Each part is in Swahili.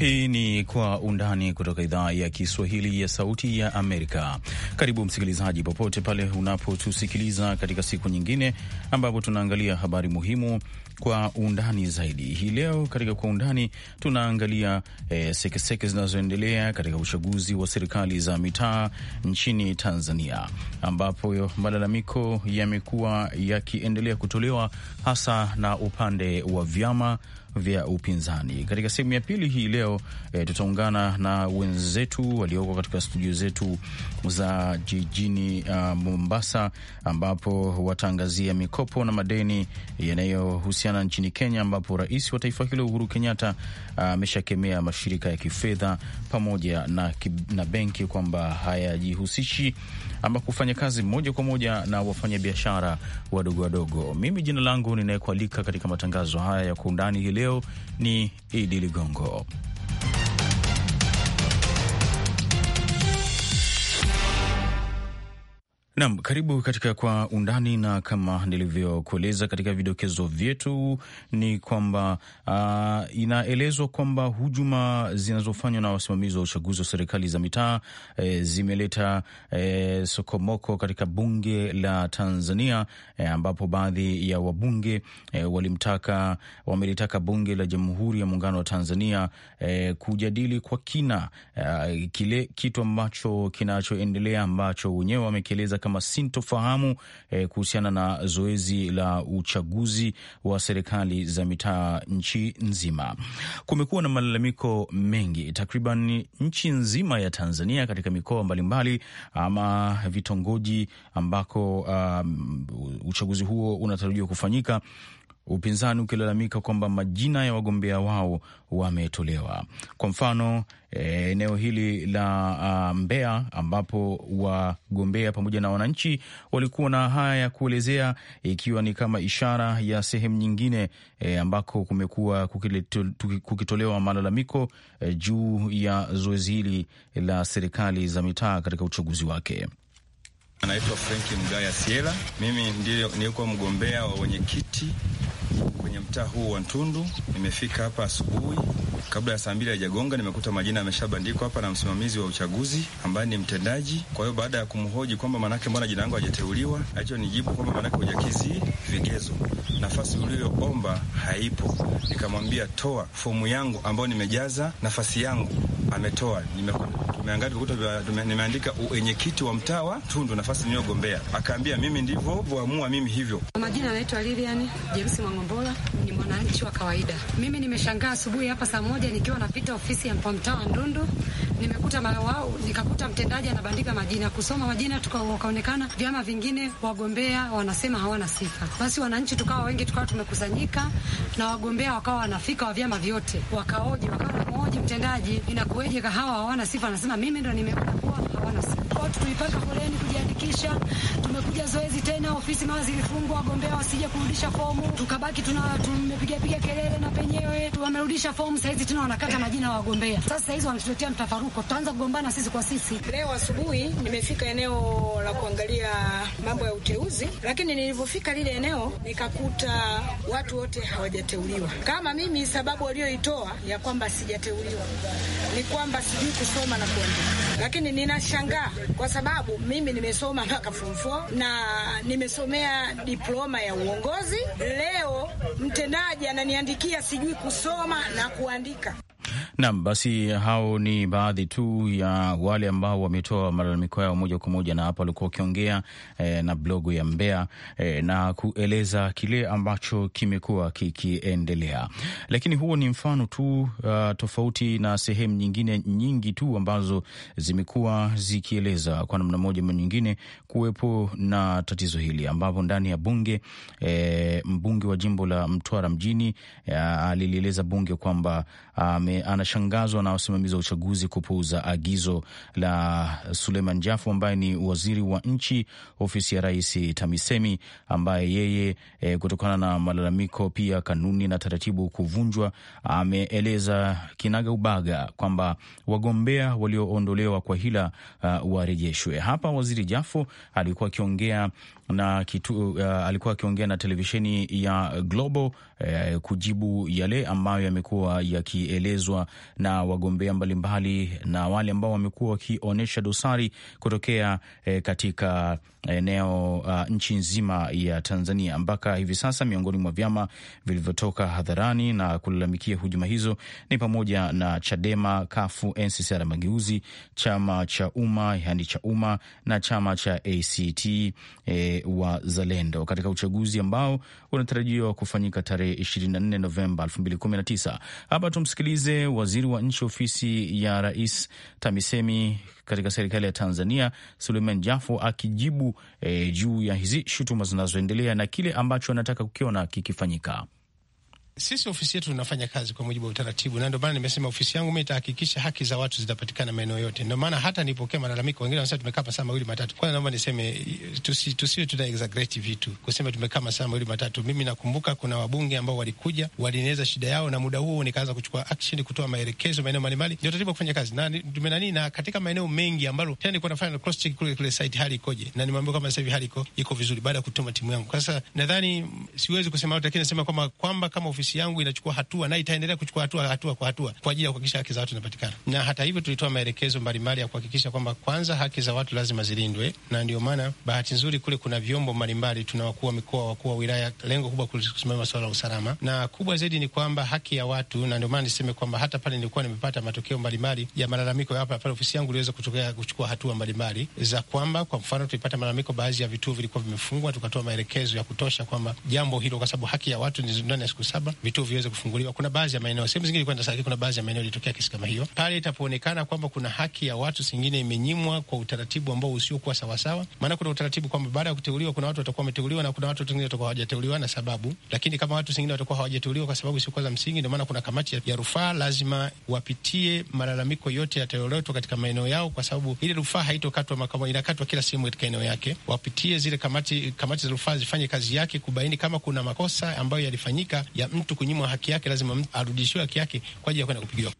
Hii ni Kwa Undani kutoka idhaa ya Kiswahili ya Sauti ya Amerika. Karibu msikilizaji, popote pale unapotusikiliza katika siku nyingine ambapo tunaangalia habari muhimu kwa undani zaidi. Hii leo katika Kwa Undani tunaangalia eh, sekeseke zinazoendelea katika uchaguzi wa serikali za mitaa nchini Tanzania, ambapo malalamiko yamekuwa yakiendelea kutolewa hasa na upande wa vyama vya upinzani. Katika sehemu ya pili hii leo e, tutaungana na wenzetu walioko katika studio zetu za jijini uh, Mombasa, ambapo wataangazia mikopo na madeni yanayohusiana nchini Kenya, ambapo rais wa taifa hilo Uhuru Kenyatta uh, ameshakemea uh, mashirika ya kifedha pamoja na, na benki kwamba hayajihusishi ama kufanya kazi moja kwa moja na wafanyabiashara wadogo wadogo. Mimi jina langu ninayekualika katika matangazo haya ya kwa undani hii leo leo ni Idi Ligongo. Nam, karibu katika Kwa Undani, na kama nilivyokueleza katika vidokezo vyetu ni kwamba uh, inaelezwa kwamba hujuma zinazofanywa na wasimamizi wa uchaguzi wa serikali za mitaa e, zimeleta e, sokomoko katika bunge la Tanzania e, ambapo baadhi ya wabunge e, walimtaka wamelitaka bunge la Jamhuri ya Muungano wa Tanzania e, kujadili kwa kina e, kile kitu ambacho kinachoendelea ambacho wenyewe wamekieleza kama sintofahamu eh, kuhusiana na zoezi la uchaguzi wa serikali za mitaa nchi nzima. Kumekuwa na malalamiko mengi, takriban nchi nzima ya Tanzania katika mikoa mbalimbali ama vitongoji ambako um, uchaguzi huo unatarajiwa kufanyika upinzani ukilalamika kwamba majina ya wagombea wao wametolewa. Kwa mfano eh, eneo hili la uh, Mbeya ambapo wagombea pamoja na wananchi walikuwa na haya ya kuelezea, ikiwa ni kama ishara ya sehemu nyingine e, ambako kumekuwa kukitolewa malalamiko e, juu ya zoezi hili la serikali za mitaa katika uchaguzi wake. Anaitwa Frenki Mgaya Siela. Mimi ndiyo niko mgombea wa wenyekiti kwenye mtaa huu wa Ntundu. Nimefika hapa asubuhi kabla ya saa mbili haijagonga, nimekuta majina yameshabandikwa hapa na msimamizi wa uchaguzi ambaye ni mtendaji. Kwa hiyo baada ya kumhoji kwamba manake mbona jina langu hajateuliwa, nijibu kwamba manake hujakizi vigezo, nafasi uliyoomba haipo. Nikamwambia toa fomu yangu ambayo nimejaza nafasi yangu, ametoa Nime umeangalia vikuta nimeandika uenyekiti wa mtaa wa Tundu, nafasi niliyogombea. Akaambia mimi ndivyo vuamua mimi hivyo. Majina anaitwa Lilian Jemsi Mwangombola, ni mwananchi wa kawaida. Mimi nimeshangaa asubuhi hapa saa moja nikiwa napita ofisi ya mpa mtaa wa Ndundu nimekuta mara wao, nikakuta mtendaji anabandika majina, kusoma majina, tukaonekana vyama vingine wagombea wanasema hawana sifa. Basi wananchi tukawa wengi, tukawa tumekusanyika na wagombea wakawa wanafika wa vyama vyote, wakaoji wakawa hoji mtendaji, inakueje kahawa hawana sifa? Anasema mimi ndo nimeona wote tulipanga foleni kujiandikisha. Tumekuja zoezi tena, ofisi mara zilifungwa, wagombea wasije kurudisha fomu, tukabaki tuna tumepigapiga kelele na penyewe wamerudisha fomu. Sahizi tena wanakata majina ya wagombea. Sasa sahizi wanatuletea mtafaruko, tutaanza kugombana sisi kwa sisi. Leo asubuhi nimefika eneo la kuangalia mambo ya uteuzi, lakini nilivyofika lile eneo nikakuta watu wote hawajateuliwa. Kama mimi, sababu walioitoa ya kwamba sijateuliwa ni kwamba sijui kusoma na kuandika, lakini ninashangaa kwa sababu mimi nimesoma mpaka form 4 na nimesomea diploma ya uongozi. Leo mtendaji ananiandikia sijui kusoma na kuandika. Naam, basi hao ni baadhi tu ya wale ambao wametoa malalamiko yao moja kwa moja, na hapa walikuwa wakiongea e, na blogu ya Mbea e, eh, na kueleza kile ambacho kimekuwa kikiendelea, lakini huo ni mfano tu uh, tofauti na sehemu nyingine nyingi tu ambazo zimekuwa zikieleza kwa namna moja ama nyingine kuwepo na tatizo hili, ambapo ndani ya bunge e, mbunge wa jimbo la Mtwara mjini ah, alilieleza bunge kwamba ah, ana anashangazwa na wasimamizi wa uchaguzi kupuuza agizo la Suleiman Jafu ambaye ni waziri wa nchi ofisi ya rais TAMISEMI, ambaye yeye e, kutokana na malalamiko pia kanuni na taratibu kuvunjwa, ameeleza kinaga ubaga kwamba wagombea walioondolewa kwa hila uh, warejeshwe. Hapa waziri Jafu alikuwa akiongea na kitu, uh, alikuwa akiongea na televisheni ya Global uh, kujibu yale ambayo yamekuwa yakielezwa na wagombea mbalimbali na wale ambao wamekuwa wakionyesha dosari kutokea uh, katika eneo uh, nchi nzima ya Tanzania mpaka hivi sasa. Miongoni mwa vyama vilivyotoka hadharani na kulalamikia hujuma hizo ni pamoja na Chadema, Kafu, NCCR Mageuzi, chama cha Umma yani cha Umma na chama cha ACT e, zalendo katika uchaguzi ambao unatarajiwa kufanyika tarehe 24 Novemba 2019. Hapa tumsikilize waziri wa nchi ofisi ya Rais TAMISEMI katika serikali ya Tanzania Suleiman Jafo akijibu e, juu ya hizi shutuma zinazoendelea na kile ambacho anataka kukiona kikifanyika. Sisi ofisi yetu tunafanya kazi kwa mujibu wa utaratibu, na ndio maana nimesema ofisi yangu mimi itahakikisha haki za watu zitapatikana maeneo yote. Ndio maana hata nilipokea malalamiko, wengine wanasema tumekaa masaa mawili matatu. Kwanza naomba niseme tusiwe tuna exaggerate vitu kusema tumekaa masaa mawili matatu. Mimi nakumbuka kuna wabunge ambao walikuja walinieleza shida yao, na muda huo nikaanza kuchukua action, kutoa maelekezo maeneo mbalimbali. Ndio taratibu kufanya kazi na tumenani, na katika maeneo mengi ambalo tena nilikuwa nafanya cross check kule kule site hali ikoje, na nimwambia kama sasa hivi hali iko iko vizuri baada ya kutuma timu yangu. Sasa nadhani siwezi kusema yote, lakini nasema kwamba kwamba kama ofisi ofisi yangu inachukua hatua na itaendelea kuchukua hatua hatua kwa hatua kwa ajili ya kuhakikisha haki za watu zinapatikana. Na hata hivyo, tulitoa maelekezo mbalimbali ya kuhakikisha kwamba kwanza haki za watu lazima zilindwe, na ndio maana bahati nzuri kule kuna vyombo mbalimbali, tuna wakuu wa mikoa, wakuu wa wilaya, lengo kubwa kusimamia swala la usalama, na kubwa zaidi ni kwamba haki ya watu, na ndio maana niseme kwamba hata pale nilikuwa nimepata matokeo mbalimbali ya malalamiko ya hapa pale ofisi yangu iliweza kutokea kuchukua hatua mbalimbali za kwamba, kwa mfano, tulipata malalamiko, baadhi ya vituo vilikuwa vimefungwa, tukatoa maelekezo ya kutosha kwamba jambo hilo, kwa sababu haki ya watu ni ndani ya siku saba, vituo viweze kufunguliwa. Kuna baadhi ya maeneo, sehemu zingine ilikuwa inasaki, kuna baadhi ya maeneo ilitokea kesi kama hiyo. Pale itapoonekana kwamba kuna haki ya watu zingine imenyimwa kwa utaratibu ambao usiokuwa sawasawa, maana kuna utaratibu kwamba baada ya kuteuliwa kuna watu watakuwa wameteuliwa na kuna watu wengine watakuwa hawajateuliwa na sababu, lakini kama watu wengine watakuwa hawajateuliwa kwa sababu siokuwa za msingi, ndio maana kuna kamati ya rufaa lazima wapitie malalamiko yote yataloletwa katika maeneo yao, kwa sababu ile rufaa haitokatwa makao, inakatwa kila sehemu katika eneo yake. Wapitie zile kamati, kamati za rufaa zifanye kazi yake kubaini kama kuna makosa ambayo yalifanyika ya mtu mtu kunyimwa haki yake, lazima arudishiwe haki yake kwa ajili ya kwenda kupigiwa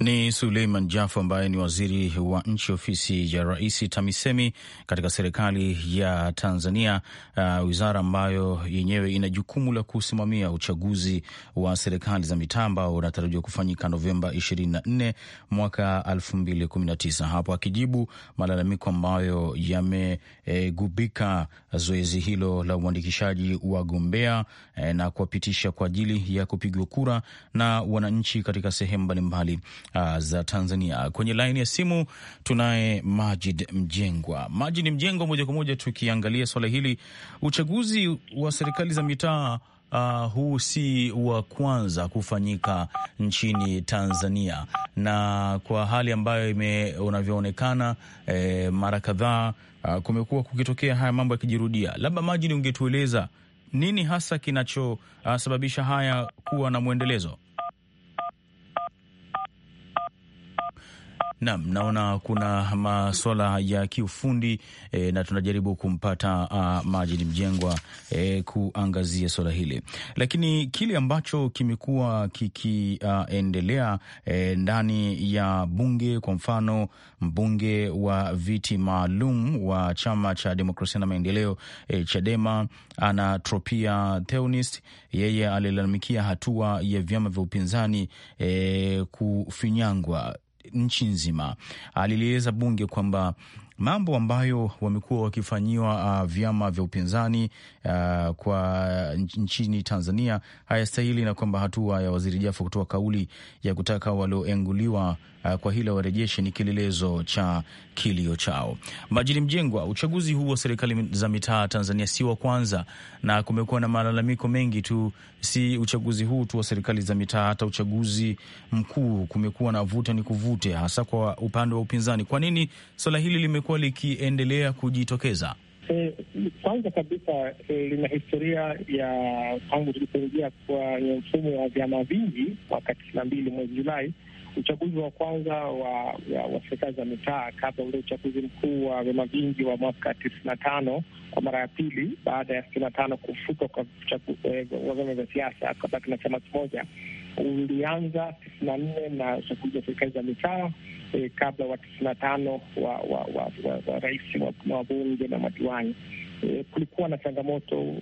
ni Suleiman Jafo ambaye ni waziri wa nchi ofisi ya Rais TAMISEMI katika serikali ya Tanzania, uh, wizara ambayo yenyewe ina jukumu la kusimamia uchaguzi wa serikali za mitaa ambao unatarajiwa kufanyika Novemba 24 mwaka 2019. Hapo akijibu malalamiko ambayo yamegubika e, zoezi hilo la uandikishaji wagombea e, eh, na kuwapitisha kwa ajili ya kupigwa kura na wananchi katika sehemu mbalimbali mbalimbali uh, za Tanzania. Kwenye laini ya simu tunaye Majid Mjengwa. Majid Mjengwa, moja kwa moja tukiangalia swala hili, uchaguzi wa serikali za mitaa Uh, huu si wa kwanza kufanyika nchini Tanzania, na kwa hali ambayo ime unavyoonekana eh, mara kadhaa uh, kumekuwa kukitokea haya mambo yakijirudia. Labda Majini, ungetueleza nini hasa kinachosababisha uh, haya kuwa na mwendelezo? Naam, naona kuna masuala ya kiufundi e, na tunajaribu kumpata Majini Mjengwa e, kuangazia suala hili, lakini kile ambacho kimekuwa kikiendelea e, ndani ya bunge, kwa mfano mbunge wa viti maalum wa chama cha demokrasia na maendeleo e, Chadema Anatropia Theonist, yeye alilalamikia hatua ya vyama vya upinzani e, kufinyangwa nchi nzima. Alilieleza ah, bunge kwamba mambo ambayo wamekuwa wakifanyiwa uh, vyama vya upinzani uh, kwa nchini Tanzania hayastahili na kwamba hatua ya Waziri Jafo kutoa kauli ya kutaka walioenguliwa Ah, kwa hilo warejeshe, ni kielelezo cha kilio chao. Majini Mjengwa, uchaguzi huu wa serikali za mitaa Tanzania si wa kwanza, na kumekuwa na malalamiko mengi tu, si uchaguzi huu tu wa serikali za mitaa, hata uchaguzi mkuu kumekuwa na vuta ni kuvute, hasa kwa upande wa upinzani. Kwa nini swala hili limekuwa likiendelea kujitokeza? E, kwanza kabisa e, lina historia ya tangu tulipoingia kwenye mfumo wa vyama vingi mwaka tisini na mbili mwezi Julai uchaguzi wa kwanza wa, wa, wa serikali za mitaa kabla ule uchaguzi mkuu wa vyama vingi wa mwaka tisini na tano kwa mara ya pili baada ya sitini na tano kufutwa kwa eh, vyama vya siasa kabaki na chama kimoja ulianza tisini na nne na uchaguzi wa serikali za mitaa eh, kabla wa tisini na tano wa rais na wabunge na madiwani e, kulikuwa na changamoto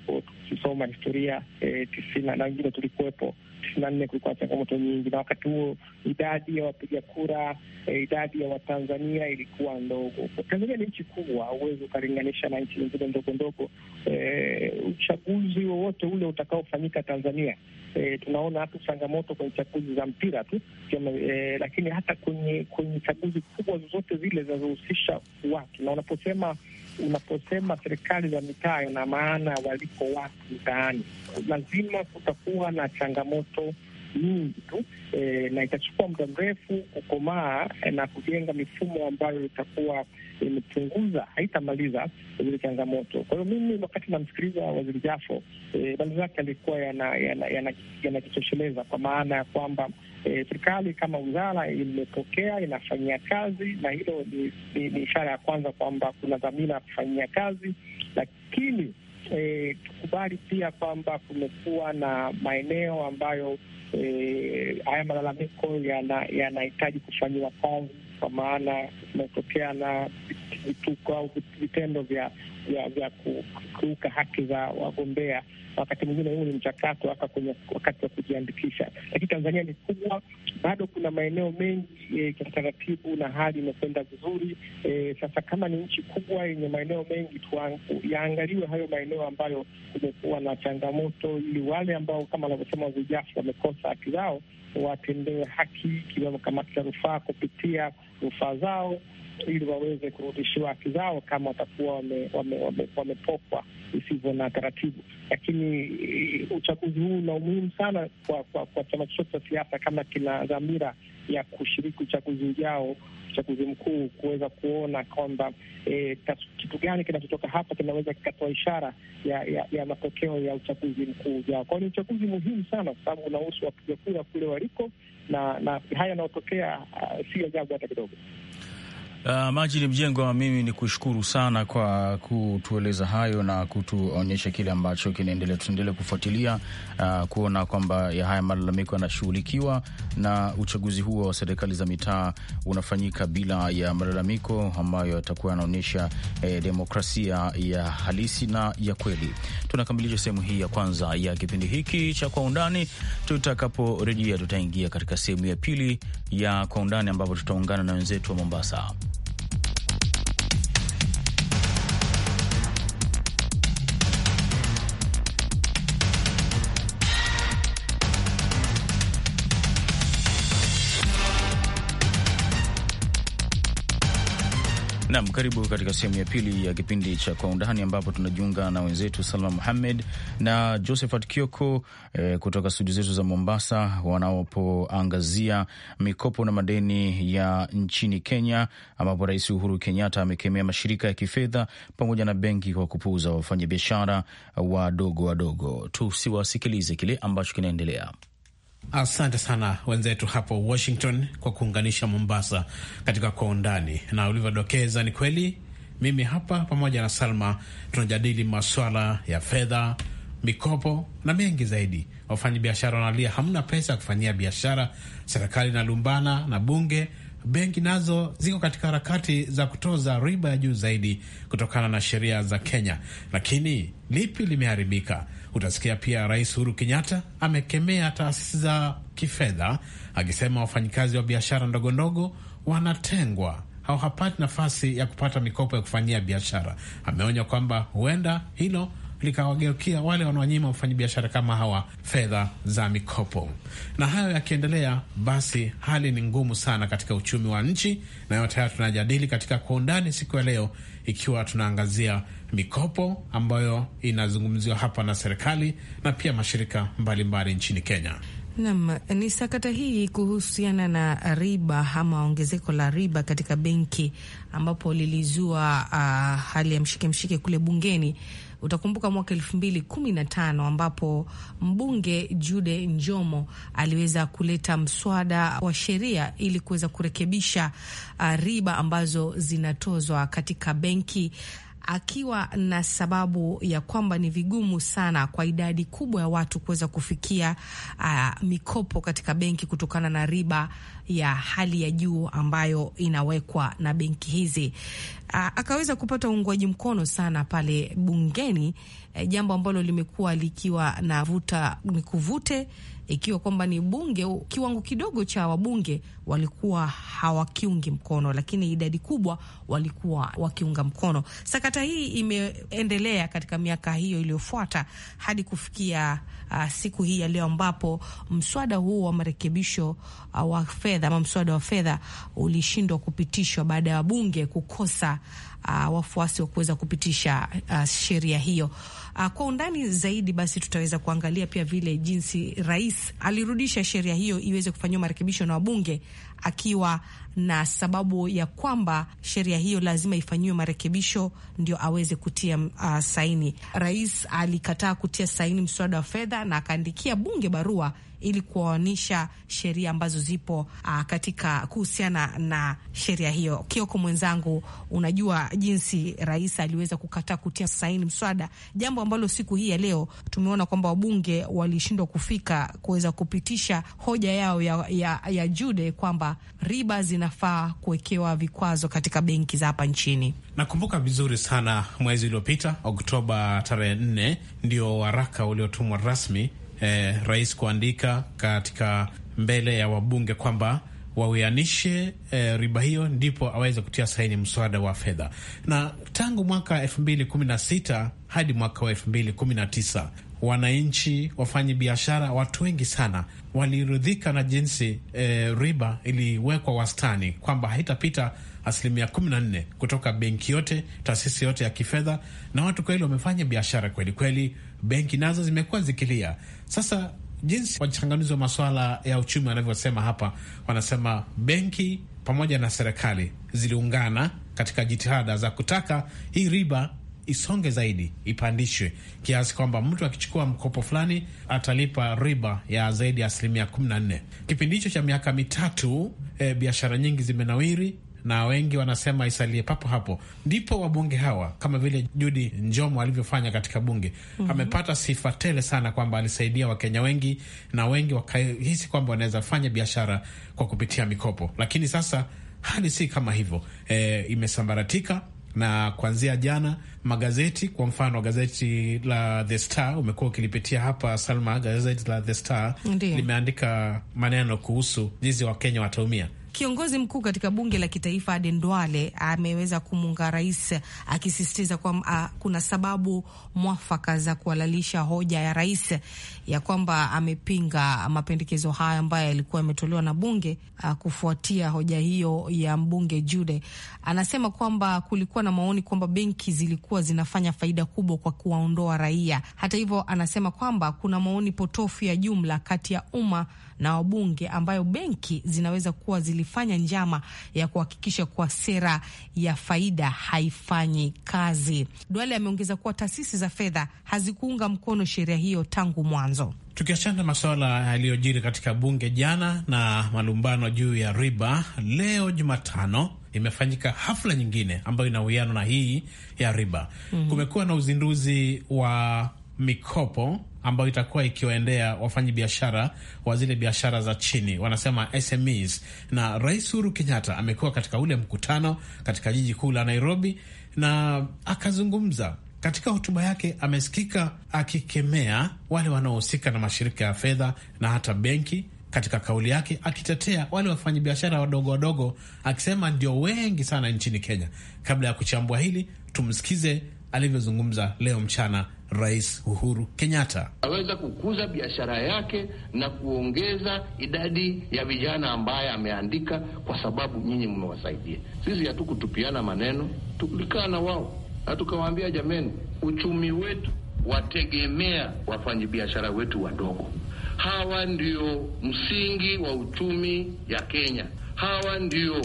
tukisoma historia e, tisini na wengine tulikuwepo tisini na nne, kulikuwa na changamoto nyingi, na wakati huo idadi ya wapiga kura e, idadi ya Watanzania ilikuwa ndogo. Tanzania ni nchi kubwa, huwezi ukalinganisha na nchi nyingine ndogo ndogo. E, uchaguzi wowote ule utakaofanyika Tanzania e, tunaona hapo changamoto kwenye chaguzi za mpira tu e, lakini hata kwenye kwenye chaguzi kubwa zozote zile zinazohusisha watu, na unaposema unaposema serikali za mitaa, ina maana waliko watu mtaani. Lazima kutakuwa na changamoto nyingi tu e, na itachukua muda mrefu kukomaa e, na kujenga mifumo ambayo itakuwa imepunguza, haitamaliza zile changamoto. Kwa hiyo mimi, wakati namsikiliza Waziri Jafo, e, bali zake alikuwa yanajitosheleza yana, yana, yana kwa maana ya kwamba E, serikali e, kama wizara imepokea inafanyia kazi, na hilo ni ishara ya kwanza kwamba kuna dhamira ya kufanyia kazi, lakini e, tukubali pia kwamba kumekuwa na maeneo ambayo e, haya malalamiko yanahitaji ya kufanyiwa kazi kwa maana kumetokea na vituko au vitendo vya vya, vya kukiuka haki za wagombea. Wakati mwingine huu ni mchakato hata kwenye wakati wa kujiandikisha, lakini Tanzania ni kubwa, bado kuna maeneo mengi e, taratibu na hali imekwenda vizuri e. Sasa kama ni nchi kubwa yenye maeneo mengi, yaangaliwe hayo maeneo ambayo kumekuwa na changamoto, ili wale ambao kama wanavyosema vijafu wamekosa haki zao watendewe haki ikiwemo kamati za rufaa kupitia rufaa zao ili waweze kurudishiwa haki zao kama watakuwa wamepokwa wame, wame, wame isivyo na taratibu. Lakini eh, uchaguzi huu una umuhimu sana kwa, kwa, kwa chama chochote cha siasa kama kina dhamira ya kushiriki uchaguzi ujao, uchaguzi mkuu, kuweza kuona kwamba e, kitu gani kinachotoka hapa kinaweza kikatoa ishara ya, ya, ya matokeo ya uchaguzi mkuu ujao. Kwao ni uchaguzi muhimu sana, kwa sababu unahusu wapiga kura kule waliko, na, na haya yanayotokea uh, ah, si ajabu hata kidogo. Uh, Majid Mjengwa, mimi ni kushukuru sana kwa kutueleza hayo na kutuonyesha kile ambacho kinaendelea. Tutaendelea kufuatilia uh, kuona kwamba ya haya malalamiko yanashughulikiwa na uchaguzi huo wa serikali za mitaa unafanyika bila ya malalamiko ambayo yatakuwa yanaonyesha eh, demokrasia ya halisi na ya kweli. Tunakamilisha sehemu hii ya kwanza ya kipindi hiki cha Kwa Undani. Tutakaporejea tutaingia katika sehemu ya pili ya Kwa Undani ambapo tutaungana na wenzetu wa Mombasa. Nam, karibu katika sehemu ya pili ya kipindi cha Kwa Undani, ambapo tunajiunga na wenzetu Salma Muhammed na Josephat Kioko eh, kutoka studio zetu za Mombasa, wanapoangazia mikopo na madeni ya nchini Kenya, ambapo Rais Uhuru Kenyatta amekemea mashirika ya kifedha pamoja na benki kwa kupuuza wafanyabiashara wadogo wadogo. Tusiwasikilize kile ambacho kinaendelea. Asante sana wenzetu hapo Washington kwa kuunganisha Mombasa katika kwa undani. Na ulivyodokeza ni kweli, mimi hapa pamoja na Salma tunajadili maswala ya fedha, mikopo na mengi zaidi. biashara wanalia hamna pesa ya kufanyia biashara, serikali inalumbana na bunge, benki nazo ziko katika harakati za kutoza riba ya juu zaidi kutokana na sheria za Kenya. Lakini lipi limeharibika? Utasikia pia Rais Uhuru Kenyatta amekemea taasisi za kifedha akisema wafanyikazi wa biashara ndogondogo wanatengwa au hapati nafasi ya kupata mikopo ya kufanyia biashara. Ameonya kwamba huenda hilo likawageukia wale wanaonyima wafanyabiashara kama hawa fedha za mikopo. Na hayo yakiendelea, basi hali ni ngumu sana katika uchumi wa nchi, nayo tayari tunajadili katika kwa undani siku ya leo, ikiwa tunaangazia mikopo ambayo inazungumziwa hapa na serikali na pia mashirika mbalimbali mbali nchini Kenya. Nam, ni sakata hii kuhusiana na riba ama ongezeko la riba katika benki ambapo lilizua uh, hali ya mshike mshike kule bungeni Utakumbuka mwaka elfu mbili kumi na tano ambapo mbunge Jude Njomo aliweza kuleta mswada wa sheria ili kuweza kurekebisha uh, riba ambazo zinatozwa katika benki akiwa na sababu ya kwamba ni vigumu sana kwa idadi kubwa ya watu kuweza kufikia uh, mikopo katika benki kutokana na riba ya hali ya juu ambayo inawekwa na benki hizi. Aa, akaweza kupata uungwaji mkono sana pale bungeni, e, jambo ambalo limekuwa likiwa na vuta ni kuvute, ikiwa kwamba ni bunge, kiwango kidogo cha wabunge walikuwa hawakiungi mkono, lakini idadi kubwa walikuwa wakiunga mkono. Sakata hii imeendelea katika miaka hiyo iliyofuata hadi kufikia uh, siku hii ya leo ambapo mswada huo wa marekebisho uh, wa fedha fedha ama mswada wa fedha ulishindwa kupitishwa baada ya wabunge kukosa uh, wafuasi wa kuweza kupitisha uh, sheria hiyo. Uh, kwa undani zaidi basi tutaweza kuangalia pia vile jinsi rais alirudisha sheria hiyo iweze kufanyiwa marekebisho na wabunge akiwa na sababu ya kwamba sheria hiyo lazima ifanyiwe marekebisho ndio aweze kutia uh, saini. Rais alikataa kutia saini mswada wa fedha na akaandikia bunge barua ili kuoanisha sheria ambazo zipo uh, katika kuhusiana na sheria hiyo. Kioko mwenzangu, unajua jinsi rais aliweza kukataa kutia saini mswada, jambo ambalo siku hii ya leo tumeona kwamba wabunge walishindwa kufika kuweza kupitisha hoja yao ya, ya, ya Jude kwamba riba zinafaa kuwekewa vikwazo katika benki za hapa nchini. Nakumbuka vizuri sana mwezi uliopita Oktoba tarehe nne ndio waraka uliotumwa rasmi eh, rais kuandika katika mbele ya wabunge kwamba wawianishe eh, riba hiyo, ndipo aweze kutia saini mswada wa fedha. Na tangu mwaka elfu mbili kumi na sita hadi mwaka wa elfu mbili kumi na tisa wananchi, wafanya biashara, watu wengi sana waliridhika na jinsi e, riba iliwekwa wastani kwamba haitapita asilimia kumi na nne kutoka benki yote, taasisi yote ya kifedha, na watu kweli wamefanya biashara kweli kweli, benki nazo zimekuwa zikilia. Sasa jinsi wachanganuzi wa masuala ya uchumi wanavyosema hapa, wanasema benki pamoja na serikali ziliungana katika jitihada za kutaka hii riba isonge zaidi, ipandishwe kiasi kwamba mtu akichukua mkopo fulani atalipa riba ya zaidi ya asilimia 14. Kipindi hicho cha miaka mitatu, e, biashara nyingi zimenawiri na wengi wanasema isalie papo hapo. Ndipo wabunge hawa kama vile Judy Njomo alivyofanya katika bunge mm -hmm. amepata sifa tele sana kwamba alisaidia Wakenya wengi na wengi wakahisi kwamba wanaweza fanya biashara kwa kupitia mikopo, lakini sasa hali si kama hivyo. E, imesambaratika na kuanzia jana magazeti kwa mfano gazeti la The Star umekuwa ukilipitia hapa Salma, gazeti la The Star limeandika maneno kuhusu jinsi Wakenya wataumia Kiongozi mkuu katika bunge la kitaifa Aden Duale ameweza kumunga rais akisisitiza kwamba ah, kuna sababu mwafaka za kuhalalisha hoja ya rais ya kwamba amepinga mapendekezo haya ambayo yalikuwa yametolewa na bunge uh, kufuatia hoja hiyo ya mbunge Jude. Anasema kwamba kulikuwa na maoni kwamba benki zilikuwa zinafanya faida kubwa kwa kuwaondoa raia. Hata hivyo, anasema kwamba kuna maoni potofu ya jumla kati ya umma na wabunge ambayo benki zinaweza kuwa zilifanya njama ya kuhakikisha kuwa sera ya faida haifanyi kazi. Duale ameongeza kuwa taasisi za fedha hazikuunga mkono sheria hiyo tangu mwanzo michezo. Tukiachana na masuala yaliyojiri katika bunge jana na malumbano juu ya riba, leo Jumatano imefanyika hafla nyingine ambayo ina uwiano na hii ya riba. mm -hmm. Kumekuwa na uzinduzi wa mikopo ambayo itakuwa ikiwaendea wafanyi biashara wa zile biashara za chini, wanasema SMEs, na Rais Uhuru Kenyatta amekuwa katika ule mkutano katika jiji kuu la Nairobi na akazungumza katika hotuba yake amesikika akikemea wale wanaohusika na mashirika ya fedha na hata benki. Katika kauli yake akitetea wale wafanyabiashara wadogo wadogo, akisema ndio wengi sana nchini Kenya. Kabla ya kuchambua hili, tumsikize alivyozungumza leo mchana Rais Uhuru Kenyatta. Aweza kukuza biashara yake na kuongeza idadi ya vijana ambaye ameandika, kwa sababu nyinyi mmewasaidia. Sisi hatukutupiana maneno, tulikaa na wao na tukawaambia jameni, uchumi wetu wategemea wafanyabiashara wetu wadogo. Hawa ndio msingi wa uchumi ya Kenya. Hawa ndio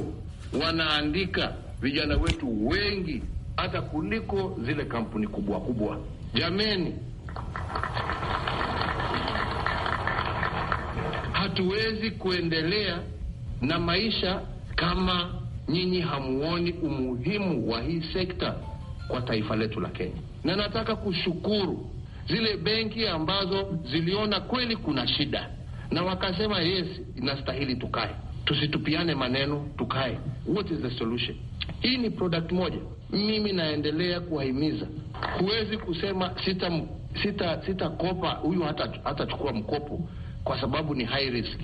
wanaandika vijana wetu wengi hata kuliko zile kampuni kubwa kubwa. Jameni, hatuwezi kuendelea na maisha kama nyinyi hamuoni umuhimu wa hii sekta kwa taifa letu la Kenya, na nataka kushukuru zile benki ambazo ziliona kweli kuna shida na wakasema yes, inastahili tukae, tusitupiane maneno, tukae, what is the solution? Hii ni product moja. Mimi naendelea kuwahimiza, huwezi kusema sitakopa, sita, sita huyu hatachukua hata mkopo kwa sababu ni high risk.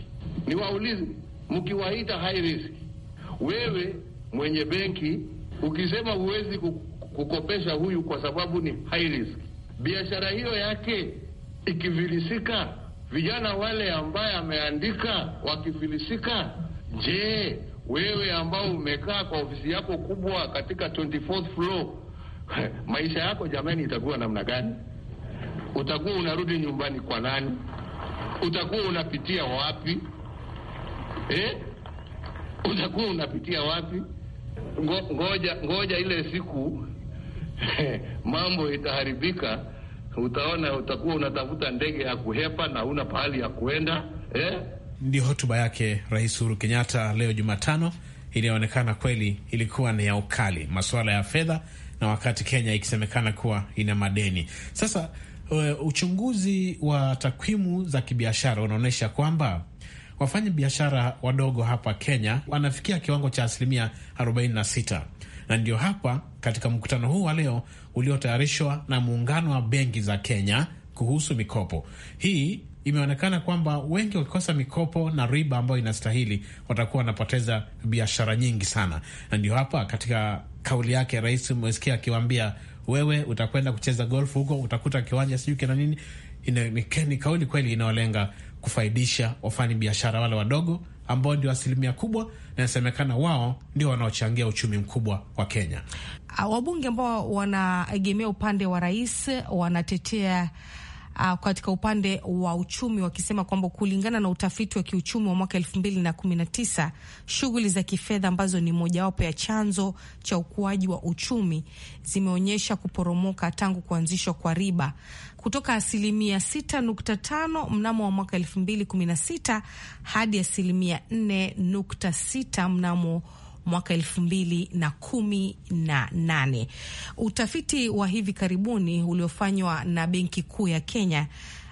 Niwaulize, mkiwaita high risk, wewe mwenye benki ukisema huwezi kukopesha huyu kwa sababu ni high risk. Biashara hiyo yake ikifilisika, vijana wale ambaye ameandika wakifilisika, je, wewe ambao umekaa kwa ofisi yako kubwa katika 24th floor maisha yako jamani, itakuwa namna gani? Utakuwa unarudi nyumbani kwa nani? Utakuwa unapitia wapi eh? Utakuwa unapitia wapi? Ngo, ngoja ngoja ile siku mambo itaharibika. Utaona utakuwa unatafuta ndege ya kuhepa na una pahali ya kuenda eh? Ndio hotuba yake Rais Uhuru Kenyatta leo Jumatano inayoonekana kweli ilikuwa ni ya ukali, masuala ya fedha na wakati Kenya ikisemekana kuwa ina madeni. Sasa eh, uchunguzi wa takwimu za kibiashara unaonyesha kwamba wafanya biashara wadogo hapa Kenya wanafikia kiwango cha asilimia 46 na ndio hapa katika mkutano huu wa leo uliotayarishwa na muungano wa benki za Kenya kuhusu mikopo hii imeonekana kwamba wengi wakikosa mikopo na riba ambayo inastahili watakuwa wanapoteza biashara nyingi sana, na ndio hapa katika kauli yake rais umesikia akiwaambia, wewe utakwenda kucheza golfu huko utakuta kiwanja sijui kina nini. Ni kauli kweli inayolenga kufaidisha biashara wale wadogo ambao ndio asilimia kubwa, na inasemekana wao ndio wanaochangia uchumi mkubwa wa Kenya. Ah, wabunge ambao wanaegemea upande wa rais wanatetea Uh, katika upande wa uchumi wakisema kwamba kulingana na utafiti wa kiuchumi wa mwaka elfu mbili na kumi na tisa shughuli za kifedha ambazo ni mojawapo ya chanzo cha ukuaji wa uchumi zimeonyesha kuporomoka tangu kuanzishwa kwa riba kutoka asilimia 6.5 mnamo wa mwaka 2016 hadi asilimia 4.6 mnamo mwaka elfu mbili na kumi na nane. Utafiti wa hivi karibuni uliofanywa na Benki Kuu ya Kenya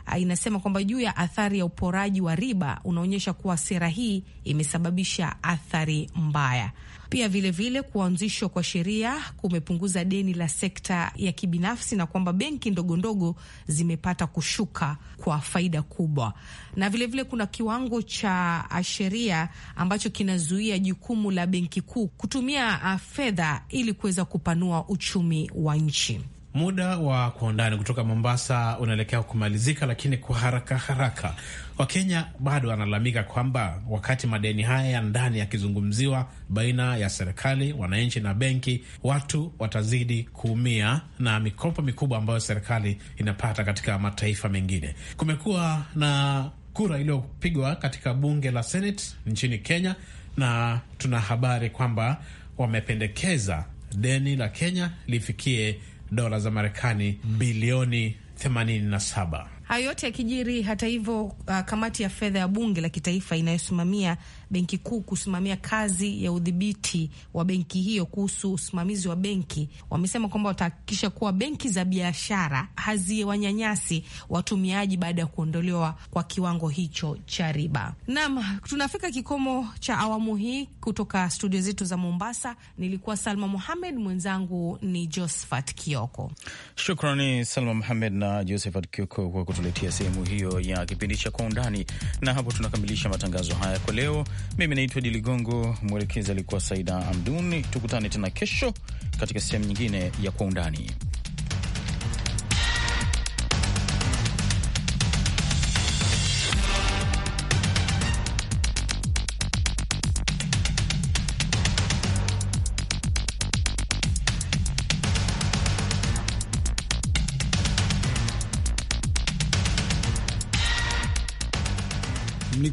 ah, inasema kwamba juu ya athari ya uporaji wa riba unaonyesha kuwa sera hii imesababisha athari mbaya. Pia vilevile kuanzishwa kwa sheria kumepunguza deni la sekta ya kibinafsi na kwamba benki ndogondogo zimepata kushuka kwa faida kubwa, na vilevile vile kuna kiwango cha sheria ambacho kinazuia jukumu la benki kuu kutumia uh, fedha ili kuweza kupanua uchumi wa nchi. Muda wa kwa undani kutoka Mombasa unaelekea kumalizika, lakini kwa haraka haraka, Wakenya bado wanalalamika kwamba wakati madeni haya ya ndani yakizungumziwa baina ya serikali, wananchi na benki, watu watazidi kuumia na mikopo mikubwa ambayo serikali inapata katika mataifa mengine. Kumekuwa na kura iliyopigwa katika bunge la Senate nchini Kenya, na tuna habari kwamba wamependekeza deni la Kenya lifikie dola za Marekani bilioni 87. Hayo yote yakijiri, hata hivyo, uh, kamati ya fedha ya bunge la kitaifa inayosimamia benki kuu kusimamia kazi ya udhibiti wa benki hiyo kuhusu usimamizi wa benki, wamesema kwamba watahakikisha kuwa benki za biashara haziwanyanyasi watumiaji baada ya kuondolewa kwa kiwango hicho cha riba. Naam, tunafika kikomo cha awamu hii kutoka studio zetu za Mombasa. Nilikuwa Salma Muhamed, mwenzangu ni Josephat Kioko. Shukrani Salma muhamed na Josephat Kioko kwa kutuletea sehemu hiyo ya kipindi cha Kwa Undani, na hapo tunakamilisha matangazo haya kwa leo. Mimi naitwa Idi Ligongo, mwelekezi alikuwa Saida Amduni. Tukutane tena kesho katika sehemu nyingine ya Kwa Undani.